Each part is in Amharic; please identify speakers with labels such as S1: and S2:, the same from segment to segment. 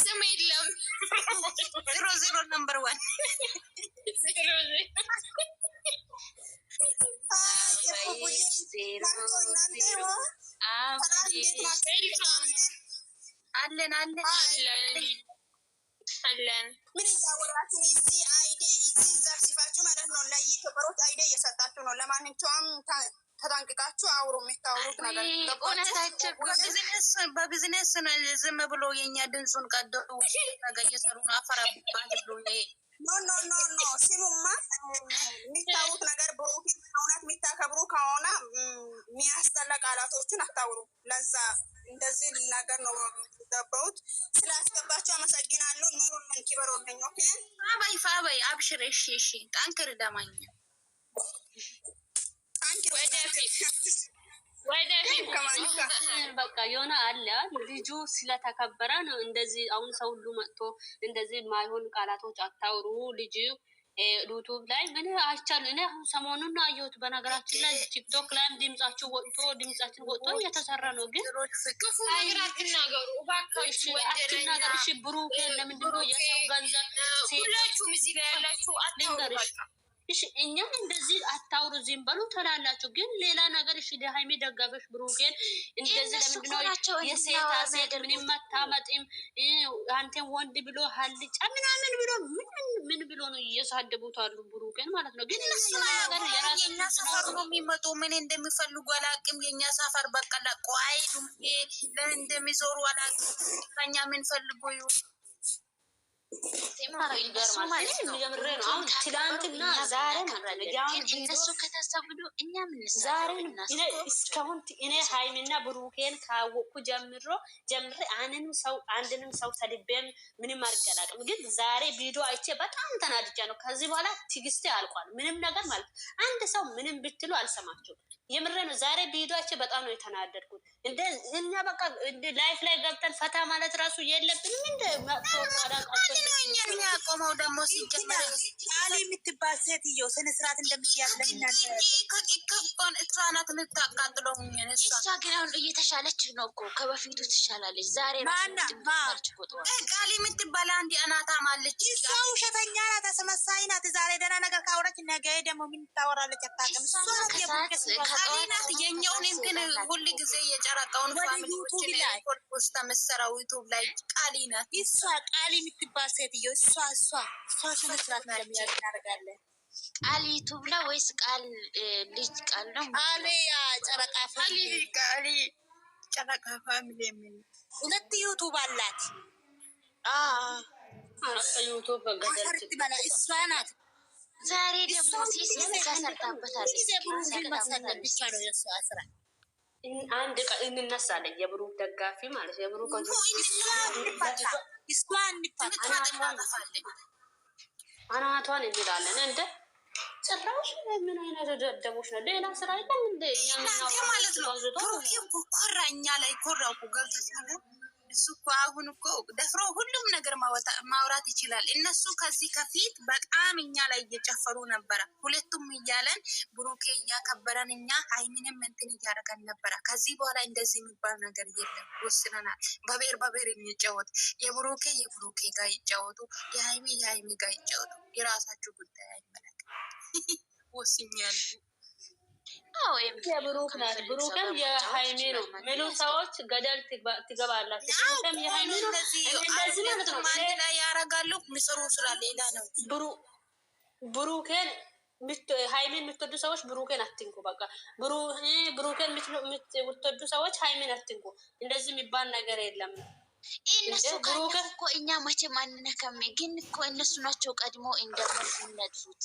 S1: ስም የለም።
S2: ዜሮ ዜሮ ነምበር ዋን አለን
S1: አለን አለን
S2: ምን እያወራችሁ አይደ ሲዘርሲፋችሁ ማለት ነው። ለኢትዮጵያ አይደ እየሰጣችሁ ነው ለማንኛውም ተጠንቅቃችሁ አውሩ። የሚታወሩት ነገር እውነታችን ዝም ብሎ የኛ ድምፁን ቀደሩ ነገር እየሰሩ ነው። አፈራባት ብሎ ኖ ኖ ኖ ኖ ሲሙማ የሚታወሩት ነገር በእውነት የሚታከብሩ ከሆነ የሚያስጠላ ቃላቶችን አታውሩ። ለዛ እንደዚህ ነገር ነው ገባሁት። ስላስገባቸው አመሰግናለሁ። ኑሩልን፣ ክበሩልኝ። ኦኬ
S1: ፋበይ ፋበይ አብሽር። እሺ እሺ፣ ጠንክር ደማኛ
S2: በቃ የሆነ አለ ልጁ ስለተከበረ ነው እንደዚህ። አሁን ሰው ሁሉ መጥቶ እንደዚህ ማይሆን ቃላቶች አታውሩ ልጅ ዩቱብ ላይ ምን አይቻል። እኔ አሁን ሰሞኑን አየሁት። በነገራችን ላይ ቲክቶክ ላይም ድምጻችሁ ወጥቶ ድምጻችን ወጥቶ እየተሰራ ነው። ግን
S1: አትናገር፣
S2: እሺ ብሩክ፣ ለምንድን ነው የሰው ገንዘብ
S1: ሴቶች ልንገርሽ
S2: እሺ እኛም እንደዚህ አታውሩ፣ ዝም በሉ ትላላችሁ። ግን ሌላ ነገር እሺ፣ ሃይሚ ደጋፊዎች ብሩኬን እንደዚህ ለምንድነው የሴታ ሴት ምንም አታመጥም አንተን ወንድ ብሎ ሀልጫ ምናምን ብሎ ምን ምን ብሎ ነው እየሳደቡት አሉ ብሩኬን ማለት
S1: ነው። ግን እሱ ነገር ሰፈር ነው የሚመጡ ምን እንደሚፈልጉ አላቅም። የእኛ ሰፈር በቀላቆ አይዱም እንደሚዞሩ አላቅም። ከኛ ምን ፈልጎ ይሁን
S2: ትላንትና ዛሬን እስካሁን እኔ ሀይሚና ብሩኬን ካወቅኩ ጀምሮ ጀምሬ አንንም ሰው አንድንም ሰው ተልቤም ምንም አርቀላቅም። ግን ዛሬ ቪዲዮ አይቼ በጣም ተናድጃ ነው። ከዚህ በኋላ ትግስቴ አልቋል። ምንም ነገር ማለት አንድ ሰው ምንም ብትሉ አልሰማችሁም። የምሬ ነው። ዛሬ ቪዲዮአቸው በጣም ነው የተናደድኩት። እንደ እኛ በቃ ላይፍ ላይ ገብተን ፈታ ማለት ራሱ የለብንም እንደ
S1: ነው ያቆመው። ደግሞ ሲጀመር
S2: ቃል የምትባል ሴትዮ ስነ ስርዓት እንደምትያዝ ናት።
S1: ልታቃጥሎ
S2: እሷ ግን አሁን እየተሻለች ነው እኮ ከበፊቱ ትሻላለች። ዛሬ
S1: ቃል የምትባል አንድ አናታም አለች።
S2: እሷ ውሸተኛ ናት፣ አስመሳይ ናት። ዛሬ ደህና ነገር ካወራች ነገ ደግሞ ምን ታወራለች አታውቅም።
S1: የኛውን እንትን ሁል ጊዜ የጨረቃውን ፋሚሊዎችን ሪፖርት ተመሰረው ዩቱብ ላይ ቃሊ ናት
S2: እሷ ቃሊ የምትባል ሴትዮ እሷ እሷ እሷ ስነ ስርዓት
S1: ቃል ዩቱብ ነው ወይስ ቃል ልጅ ቃል ነው?
S2: ቃል ጨረቃ
S1: ቃል ጨረቃ ፋሚሊ የሚል
S2: ሁለት ዩቱብ አላት።
S1: እሷ ናት። ዛሬ ደግሞ ሲስ
S2: ተሰርታበታለች። ብቻ ነው የእሷ ስራ አንድ ቀን እንነሳለን። የብሩክ ደጋፊ ማለት የብሩክ አናቷን እንላለን። እንደ ጭራሽ ምን አይነት ደደቦች ነው? ሌላ ስራ የለም እንደ
S1: ማለት ነው። ኮራ እኛ ላይ ኮራ ገብቶ እሱ እኮ አሁን እኮ ደፍሮ ሁሉም ነገር ማውራት ይችላል። እነሱ ከዚህ ከፊት በጣም እኛ ላይ እየጨፈሩ ነበረ። ሁለቱም እያለን ብሩኬ እያከበረን እኛ ሃይሚንም እንትን እያደረገን ነበረ። ከዚህ በኋላ እንደዚህ የሚባል ነገር የለም፣ ወስነናል። በብሔር በብሔር የሚጫወት የብሩኬ የብሩኬ ጋር ይጫወቱ፣ የሃይሚ የሃይሚ ጋር ይጫወቱ። የራሳችሁ ጉዳይ አይመለከ ወስኛለሁ።
S2: የብሩክ ናት። ብሩክም የሀይሜ ነው ሚሉ ሰዎች ገደል ትገባላችሁ። ብሩክም የምትወዱ ሰዎች ብሩኬን አትንኩ። በቃ ብሩኬን የምትወዱ ሰዎች ሀይሜን አትንኩ። እንደዚህ የሚባል ነገር የለም።
S1: እነሱ እኮ መቼም አንነካም፣ ግን እኮ እነሱ ናቸው ቀድሞ እንደሞ ነድፉት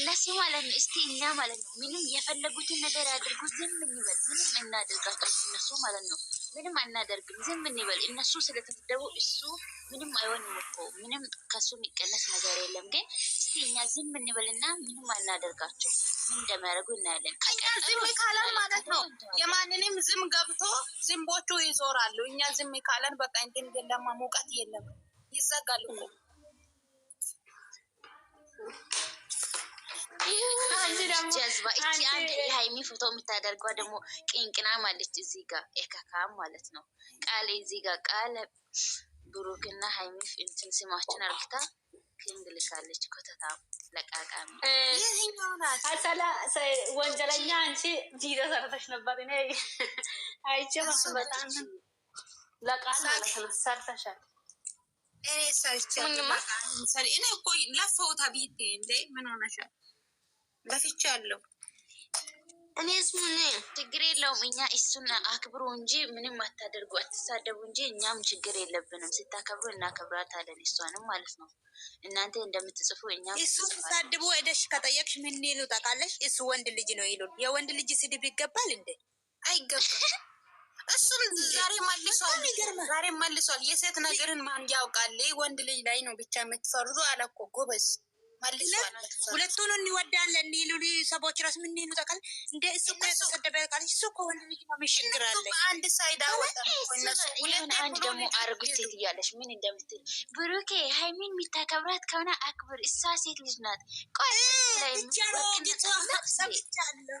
S1: እነሱ ማለት ነው። እስቲ እኛ ማለት ነው ምንም የፈለጉትን ነገር ያድርጉ፣ ዝም እንበል። ምንም እናደርጋቸው እነሱ ማለት ነው። ምንም አናደርግም፣ ዝም እንበል። እነሱ ስለተሰደቡ እሱ ምንም አይሆንም እኮ ምንም ከሱ የሚቀነስ ነገር የለም። ግን እስቲ እኛ ዝም እንበልና ምንም አናደርጋቸው፣ ምን እንደሚያደርጉ እናያለን።
S2: ዝም ካለን ማለት ነው የማንንም ዝም ገብቶ ዝንቦቹ ይዞራሉ። እኛ ዝም ካለን በቃ እንትን የለም፣ ሙቀት የለም ይዘጋል እኮ
S1: ሃይሚ ፎቶ የምታደርገው ደግሞ ቅንቅና ማለች እዚህ ጋር ኤከካም ማለት ነው። ቃል እዚህ ጋር ቃል ብሩክና ሃይሚ እንትን ስማችን አርግታ ክንግልሻለች። ኮተታም ለቃቃሚ
S2: አሰላ ወንጀለኛ አንቺ ቪዲዮ ሰርተሽ ነበር። እኔ አይቼ በጣም ለቃል ማለት ነው ሰርተሻል
S1: እኔ ሰርቻለሁ። እኔ እኮ ለፈውታ ቤት እንደ ምን ሆነሻል? ለፍቻለሁ። እኔ ስሙን ችግር የለውም። እኛ እሱን አክብሮ እንጂ ምንም አታደርጉ፣ አትሳደቡ እንጂ እኛም ችግር የለብንም። ስታከብሩ እናከብራታለን፣ እሷንም ማለት ነው። እናንተ እንደምትጽፉ እኛ
S2: እሱ ሳድቡ ሄደሽ ከጠየቅሽ ምን ይሉ ታውቃለሽ? እሱ ወንድ ልጅ ነው ይሉን። የወንድ ልጅ ስድብ ይገባል እንዴ?
S1: አይገባም። እሱም ዛሬ መልሷል፣ ዛሬ መልሷል። የሴት ነገርን ማን ያውቃል? ወንድ ልጅ ላይ ነው ብቻ የምትፈርዱ አለኮ ጎበዝ።
S2: ሁለቱን እንወዳለን ሊሉ ሰዎች ራስ ምን ይሉ ጠቃል እንደ እሱ እኮ የተሰደበ ቃል እሱ እኮ ወንድ ልጅ
S1: ነው የሚሸግራለን። አንድ ሳይድ አወጣ
S2: አንድ ደግሞ አርጉ ሴት እያለች ምን እንደምትል
S1: ብሩኬ ሀይሚን የሚታከብራት ከሆነ አክብር። እሷ ሴት ልጅ ናት።
S2: ቆይ ብቻ ነው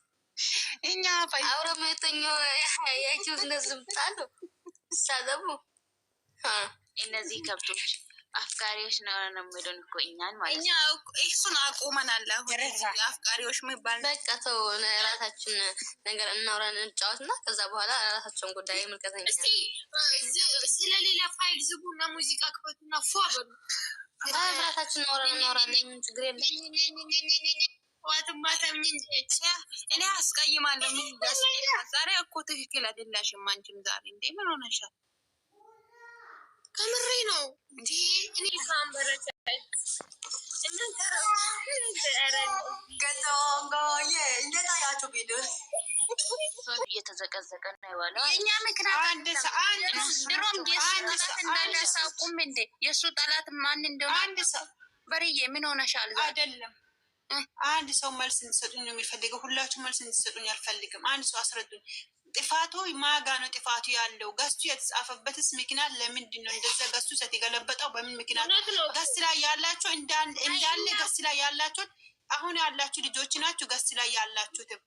S2: እኛ አውረመተኛ ያቸው ነዝምጣሉ እሳ ደግሞ
S1: እነዚህ ከብቶች አፍቃሪዎች ነው ነው የሚሉን እኮ እኛን
S2: ማለት እኛ እሱን አቁመናል። አፍቃሪዎች የሚባል በቃ ተው፣ ራሳችን ነገር እናውራን እንጫወት እና ከዛ በኋላ ራሳቸውን ጉዳይ
S1: ምልከተኛ ስለሌላ ፋይል ዝጉና ሙዚቃ ክፈቱና ፎ
S2: ራሳችን እናውራን እናውራለን። ችግር
S1: የለም ዋትማ ተምኝ እንጂ
S2: እኔ አስቀይማለሁ። ምን ዛሬ እኮ ትክክል አይደላሽም። አንቺም ዛሬ እንዴ ምን ሆነሻል?
S1: ከምሬ ነው
S2: እየተዘቀዘቀ ነው
S1: የዋለው። የእኛ ምክንያት ድሮም እንዳላሳቁም እንዴ የእሱ ጠላት ማን እንደሆነ በርዬ ምን ሆነሻል?
S2: አይደለም አንድ ሰው መልስ እንዲሰጡኝ ነው የሚፈልገው። ሁላችሁ መልስ እንዲሰጡኝ አልፈልግም። አንድ ሰው አስረዱኝ። ጥፋቱ ማጋ ነው? ጥፋቱ ያለው ገስቱ የተጻፈበትስ ምክንያት ለምንድን ነው? እንደዚ ገስቱ ሰት የገለበጠው በምን ምክንያት? ገስ ላይ ያላቸው እንዳለ ገስ ላይ ያላቸው አሁን ያላችሁ ልጆች ናችሁ። ገስ ላይ ያላችሁትም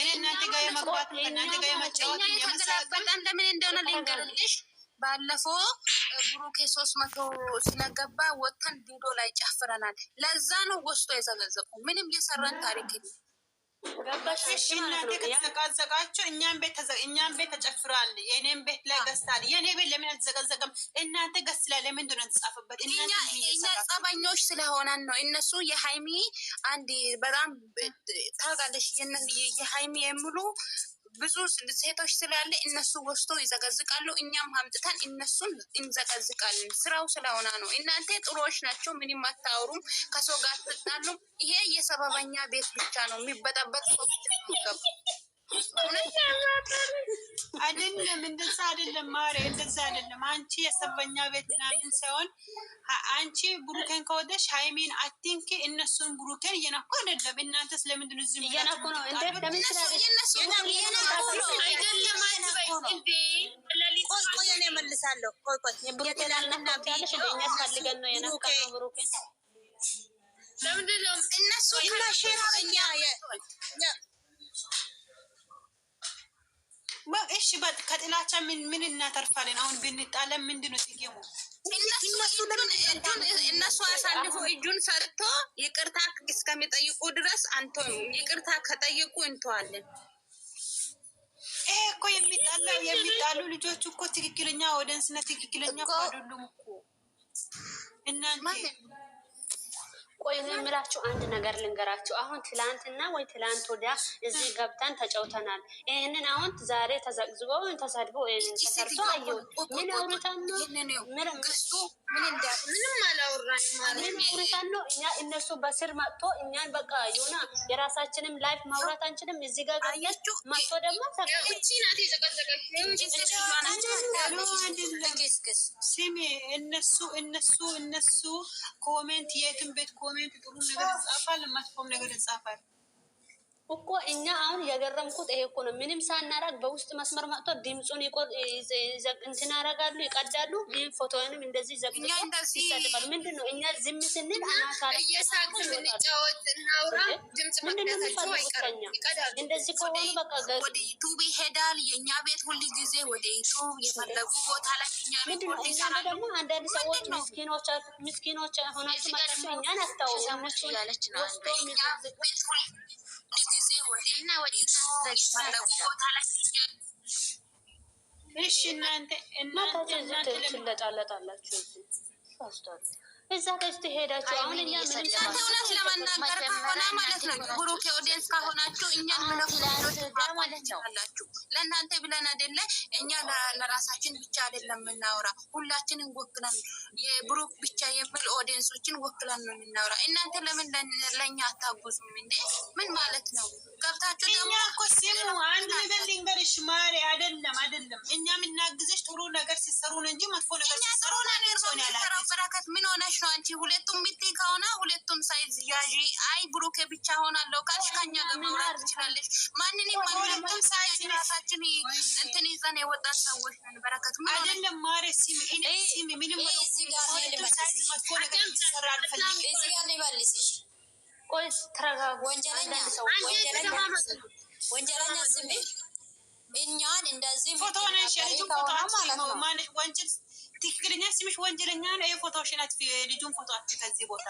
S2: እኔ እናንተ ጋር የመግባት እናንተ ጋር የመጫወት
S1: የመሳበጣ እንደምን እንደሆነ ልንገርልሽ ባለፈው ብሩኬ ሶስት መቶ ሲነገባ ወተን ቪዲዮ ላይ ጨፍረናል። ለዛ ነው ወስዶ የዘበዘቁ ምንም የሰራን ታሪክ ነው።
S2: ከተዘቃዘቃችሁ እኛም ቤት እኛም ቤት ተጨፍራል። የኔም ቤት ላይ ገዝታል። የኔ ቤት ለምን አልተዘቀዘቀም? እናንተ ገስ ላይ ለምንድን ነው የተጻፈበት?
S1: እኛ ጸበኞች ስለሆነን ነው። እነሱ የሀይሚ አንድ በጣም ታውቃለሽ፣ የሀይሚ የምሉ ብዙ ሴቶች ስላለ እነሱ ወስቶ ይዘቀዝቃሉ። እኛም አምጥተን እነሱን እንዘቀዝቃለን። ስራው ስለሆነ ነው። እናንተ ጥሩዎች ናቸው። ምንም አታውሩም፣ ከሰው ጋር ትጣሉም። ይሄ የሰበበኛ ቤት ብቻ ነው የሚበጠበጥ ሰው ብቻ ነው
S2: አይደለም እንደዛ አይደለም፣ ማሬ እንደዛ አይደለም። አንቺ የሰበኛ ቤት ምናምን ሳይሆን አንቺ ብሩኬን ከወደሽ ሃይሚን አትንኪ። እነሱን ብሩኬን እየነኩ አይደለም። እናንተስ ለምንድን ዝም
S1: እየነኩ ነው? ለምንድን ነው እነሱ
S2: እሺ ከጥላቻ ምን ምን እናተርፋለን? አሁን ብንጣለን ምንድን ነው ጥቅሙ?
S1: እነሱ አሳልፎ እጁን ሰጥቶ ይቅርታ እስከሚጠይቁ ድረስ አንቶ ይቅርታ ከጠየቁ እንተዋለን።
S2: ይሄ እኮ የሚጣለው የሚጣሉ ልጆች እኮ ትክክለኛ ወደንስነ ትክክለኛ አይደሉም እኮ እናንተ
S1: ቆይ የምላችሁ አንድ ነገር ልንገራችሁ። አሁን ትላንትና ወይ ትላንት ወዲያ እዚህ ገብተን ተጫውተናል። ይህንን አሁን ዛሬ ተዘቅዝቆ ተሰድቦ ተሰርቶ አየሁ። ምን አውርተን ነው? ምንም ምን አውርተን ነው? እኛ እነሱ በስር መጥቶ እኛን በቃ የሆነ የራሳችንም ላይፍ ማውራት አንችልም። እዚህ ጋር
S2: ገብተን መጥቶ ደግሞ ስሚ እነሱ እነሱ እነሱ ኮሜንት የትም ቤት ኮሜንት ኮሜንት ጥሩ ነገር ይጻፋል፣ መጥፎም ነገር ይጻፋል።
S1: እኮ እኛ አሁን የገረምኩት ይሄ እኮ ነው። ምንም ሳናረግ በውስጥ መስመር መጥቶ ድምፁን እንትን ያደርጋሉ፣ ይቀዳሉ። ይህ ፎቶንም እንደዚህ
S2: ዘግቶ ይሰጥቃሉ።
S1: ምንድን ነው እኛ ዝም ስንል እንደዚህ ከሆኑ በቃ ወደ ዩቱብ ይሄዳል። የእኛ ቤት ሁል ጊዜ ወደ ዩቱብ የፈለጉ ቦታ ላይ ምንድን ነው እኛ ደግሞ አንዳንድ ሰዎች ምስኪኖች ምስኪኖች ሆናችሁ መጣችሁ እኛን አስታወቁ ያለች ነው እና
S2: እሺ እናንተ
S1: እናንተ ለጣለጣላችሁ እዛ ጋር ሄዳችሁ አሁን እኛ እውነት
S2: ለመናገር ከሆነ ማለት ነው ብሩክ ኦዲየንስ ከሆናችሁ እኛን
S1: ማለት ለእናንተ ብለን አይደለ። እኛ ለራሳችን ብቻ አይደለም የምናወራ፣ ሁላችንን ወክለን የብሩክ ብቻ የሚል ኦዲየንሶችን ወክለን ነው የምናወራ። እናንተ ለምን ለእኛ አታጉዙም እንዴ? ምን ማለት ነው?
S2: ገብታችሁ ደግሞ እኮ ሲሙ አንድ ነገር ልንገርሽ ማሪ፣ አይደለም አይደለም፣ እኛ የምናግዝሽ ጥሩ ነገር ሲሰሩ እንጂ መጥፎ
S1: ነገር ሲሰሩ ነው። በረከት ምን ሆነሽ ብለሽ ነው አንቺ። ሁለቱም ብት ከሆነ ሁለቱም ሳይዝ ያዥ። አይ ብሩኬ ብቻ ሆናለሁ ካልሽ ከኛ ጋር መምራት ትችላለች። ማንንም ሁለቱም ሳይዝ ራሳችን እንትን ይዘን የወጣን ሰዎች ነን።
S2: በረከት አይደለም ማረስ ምንም
S1: እዚህ ጋር ሊባልስሽ
S2: ወንጀለኛ
S1: ስሜ እኛን እንደዚህ
S2: ፎቶ ነሽ ወንጀል ትክክለኛ ስምሽ ወንጀለኛ ነው። የፎቶሽን አጥፊ፣ ልጁን ፎቶ አጥፊ ከዚህ ቦታ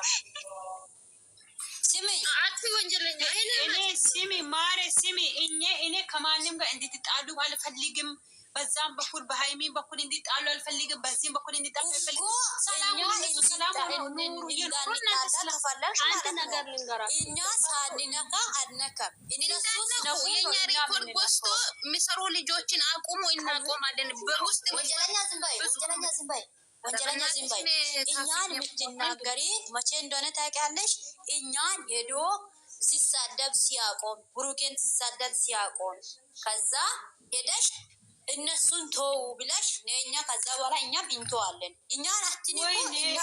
S2: ስሚ፣ አጥፊ ወንጀለኛ። እኔ ስሚ ማሬ፣ ስሚ እኔ እኔ ከማንም ጋር እንድትጣሉ አልፈልግም። በዛም በኩል በሃይሚን በኩል እንዲጣሉ አልፈልግም። በዚህም በኩል እንዲጣሉ አልፈልግም። አንድ ነገር ልንገራችሁ፣
S1: እኛ ሳንነካ ሪኮርድ ወስዶ የሚሰሩ ልጆችን አቁሙ፣ እናቆማለን። በውስጥ ወንጀለኛ እኛን የምትናገሪ መቼ እንደሆነ ታውቂያለሽ። እኛን ሄዶ ሲሳደብ ሲያቆም፣ ብሩኬን ሲሳደብ ሲያቆም ከዛ ሄደሽ እነሱን ተው ብለሽ እኛ ከዛ በኋላ እኛ ቢንተዋለን እኛ
S2: አትንቁ።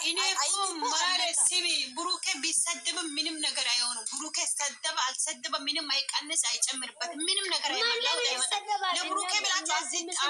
S2: እኔ እኮ ማለት ስሚ፣ ብሩኬ ቢሰድብም ምንም ነገር አይሆኑም። ብሩኬ ሰደበ አልሰደበ ምንም አይቀንስ አይጨምርበት ምንም ነገር
S1: ለብሩኬ ብላችሁ አዚጣ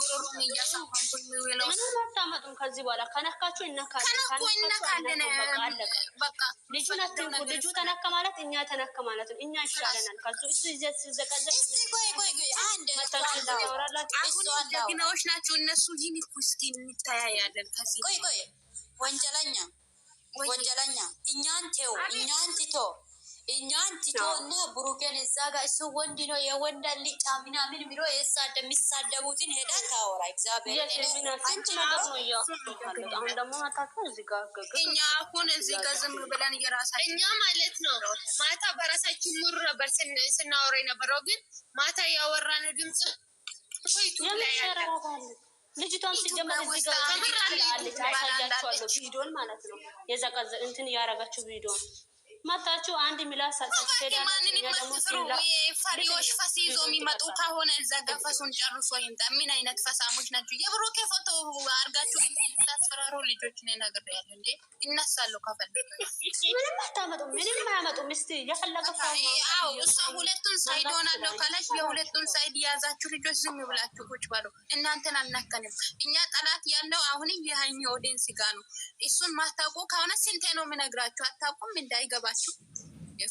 S1: ጉሮሮን እያሳመንኩኝ
S2: የሚውለው ምንም አታመጡም። ከዚህ በኋላ ከነካችሁ እነካለን።
S1: ልጁ ተነካ ማለት እኛ ተነካ ማለት ነው። እኛ ይሻለናል።
S2: ጀግናዎች ናቸው እነሱ። ይህን እስኪ እንተያያለን።
S1: ከዚህ ቆይ ቆይ፣ ወንጀለኛ ወንጀለኛ እኛን ቴው እኛን ቲቶ እኛን ትቶና ብሩኬን እዛ ጋር እሱ ወንድ ነው የወንድ ልጫ ምናምን ብሎ የሚሳደቡትን ሄዳ ታወራ።
S2: እግዚአብሔር እኛ
S1: አሁን እዚህ ጋር ብለን እየራሳችን እኛ ማለት ነው ማታ በራሳችን ሙሉ ነበር ስናወራ የነበረው ግን ማታ ያወራን ድምፅ
S2: ልጅቷን ሲጀመር ቪዲዮን ማለት ነው የዛ እንትን ያረጋችሁ ቪዲዮን መታችሁ አንድ ሚላ
S1: ፈሪዎች ፈስ ይዞ የሚመጡ ከሆነ እዛ ጋር ጨርሶ ይምጣ። ምን አይነት ፈሳሞች ናቸው? ፎቶ አርጋችሁ ታስፈራሩ ልጆች ነገር ያለ እንዴ ይነሳሉ። እሷ ሁለቱን ሳይድ ሆናለሁ ካለች የሁለቱን ሳይድ የያዛችሁ ልጆች ዝም ብላችሁ ቁጭ በሉ። እናንተን እኛ ጠላት ያለው አሁንም ጋ ነው። እሱን ማታውቁ ከሆነ ስንቴ ነው የምነግራችሁ? አታውቁም እንዳይገባ አለባችሁ።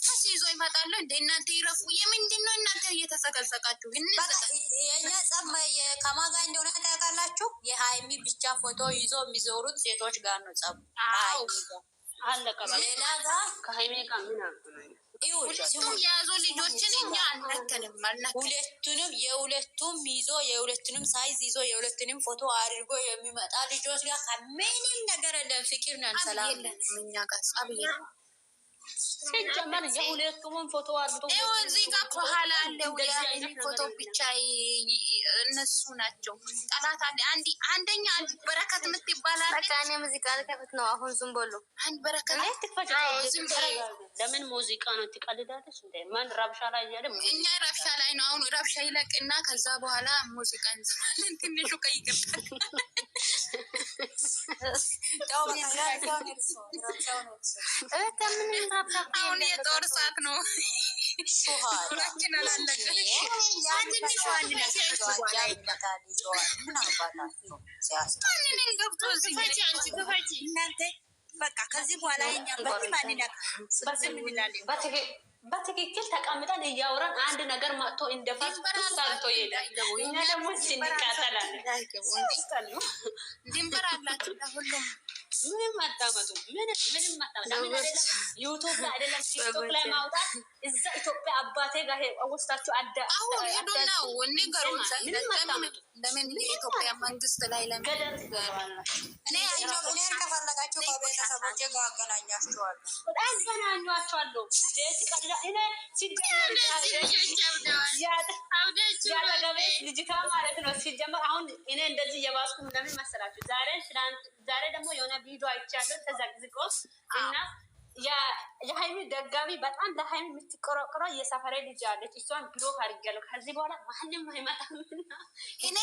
S1: ፈስ ይዞ ይመጣሉ እንደ እናንተ ይረፉ። የምንድን ነው እናንተ እየተሰቀሰቃችሁ?
S2: የእኛ ከማጋ እንደሆነ ታውቃላችሁ። የሀይሚ ብቻ ፎቶ ይዞ የሚዞሩት ሴቶች ጋር ነው ጸቡ። ሌላ ጋር ሁለቱም
S1: የያዙ ልጆችን እኛ አልነከንም
S2: አልነከንም። ሁለቱንም የሁለቱም ይዞ የሁለቱንም ሳይዝ ይዞ የሁለቱንም ፎቶ አድርጎ የሚመጣ ልጆች ጋር ከምንም ነገር የለም። ፍቅር ነን፣ ሰላም ነን። ሲጀመር የሁለቱም ፎቶ አርግቶ
S1: እዚህ ጋር ከኋላ አለው ፎቶ ብቻ እነሱ ናቸው ጠላት አለ። አንድ አንደኛ አንድ በረከት የምትባላል
S2: በቃ እኔ ሙዚቃ ልከፍት ነው አሁን። ዝም በሉ አንድ በረከት ለምን ሙዚቃ ነው ትቀልዳለች? ማን ረብሻ ላይ እያለ
S1: እኛ ረብሻ ላይ ነው አሁን። ረብሻ ይለቅና ከዛ በኋላ ሙዚቃ እንዝናለን። ትንሹ ቀይቅርታል ከምንታ አሁን የጦር ሰዓት ነው። ራችን አላለቀ ማንንን ገብቶ
S2: እናንተ በቃ ከዚህ በኋላ
S1: በትክክል ተቀምጠን እያወራን አንድ ነገር መጥቶ እንደፋት ሳልቶ ይሄዳል። እኛ ደግሞ እንቃጠላለን። ድንበር አላችሁ ለሁሉም ምንም አታመጡ፣ ምንም ምንም አታመጡ። ዩቱብ ላይ አይደለም ቲክቶክ ላይ ማውጣት እዛ ኢትዮጵያ አባቴ ጋር ወስታችሁ
S2: አሁን ሄዱ ነው ለምን የኢትዮጵያ መንግስት ላይ ለምን እኔ ደግሞ አገናኛቸዋለሁ።
S1: አገናኟቸዋለሁ ያጠገቤት
S2: እኔ እንደዚህ የባስኩም ለምን ዛሬ ደግሞ የሆነ ቪዲዮ አይቻለሁ ተዘግዝቆ እና የሀይሚ ደጋቢ በጣም ለሀይሚ የምትቆረቆረ የሰፈሬ ልጅ አለች። እሷን ብሎ አድርጌያለሁ። ከዚህ በኋላ ማንም አይመጣምና
S1: እኔ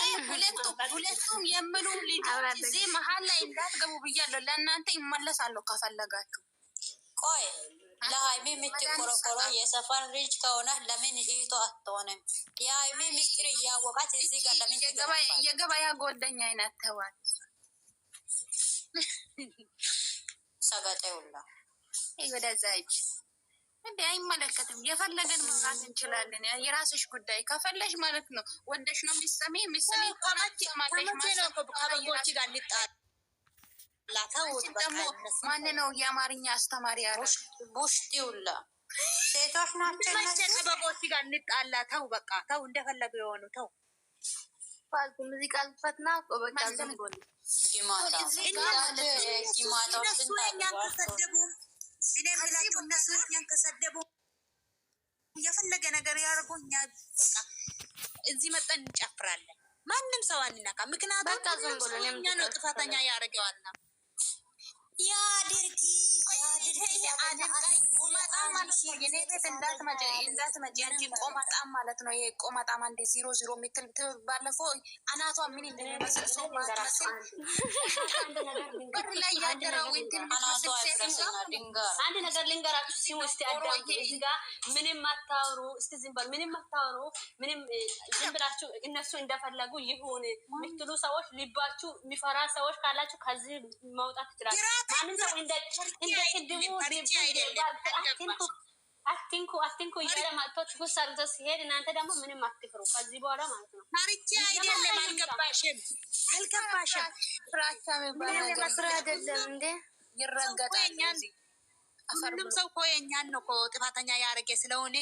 S1: ሁለቱም የምሉን ልጆች እዚህ መሀል ላይ እንዳትገቡ ብያለሁ። ለእናንተ ይመለሳለሁ ከፈለጋችሁ። ቆይ ለሀይሚ የምትቆረቆረ የሰፈር ልጅ ከሆነ ለምን እህቷ አትሆንም? የሀይሚ ምስጢር እያወቃት እዚህ ጋር
S2: ለምን የገበያ ጓደኛ አይነት ተዋል
S1: ሰበጤ ሁላ ወደዛ ሂጅ። እንዴ አይመለከትም። የፈለገን መውራት እንችላለን። የራስሽ ጉዳይ ከፈለሽ ማለት ነው። ወደሽ ነው የሚሰሚ የሚሰሚ ደግሞ
S2: ማን ነው የአማርኛ አስተማሪ ያለሽ?
S1: ቡሽቲውላ ሴቶች ናቸው። ከበቦች ጋር እንጣላ። ተው በቃ ተው፣ እንደፈለገ የሆኑ ተው።
S2: ሙዚቃ ልፈትና በቃ
S1: ጊማታ ጊማታ
S2: እኔ የምላችሁ እነሱ እኛን ከሰደቡ
S1: የፈለገ ነገር ያደርጉ እኛ እዚህ መጠን እንጨፍራለን። ማንም ሰው አንነካ።
S2: ምክንያቱም
S1: እኛ ነው ጥፋተኛ ያደርገዋልና ያድርጊ
S2: ቆመጣም ማለት ነው። ቆመጣም አንዴ ዜሮ ዜሮ የሚትል ባለፈው አናቷ ምን እንደሚመስል ሰው
S1: በር ላይ ያደረው አንድ ነገር ልንገራችሁ። ሲሙ እስቲ አዳምጡ። እዚህ ጋ ምንም አታውሩ። እስቲ ዝም በሉ። ምንም አታውሩ። ምንም ዝም ብላችሁ እነሱ እንደፈለጉ ይሁን የምትሉ ሰዎች፣ ልባችሁ የሚፈራ ሰዎች ካላችሁ ከዚህ መውጣት ትችላል። ማንም ሰው እንደ ቅድሙ አትንኩ አትንኩ አትንኩ እያለ ማጥቶት ጉስ አርግቶ ሲሄድ እናንተ ደግሞ ምንም አትፍሩ ከዚህ በኋላ ማለት
S2: ነው። ታርቼ አይደለም አልገባሽም፣ አልገባሽም ፍራቻስራ አይደለም እንዴ ይረገጣል።
S1: ሁሉም ሰው እኮ የእኛን ነው እኮ ጥፋተኛ ያደረገ ስለሆነ